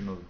Συνόδου.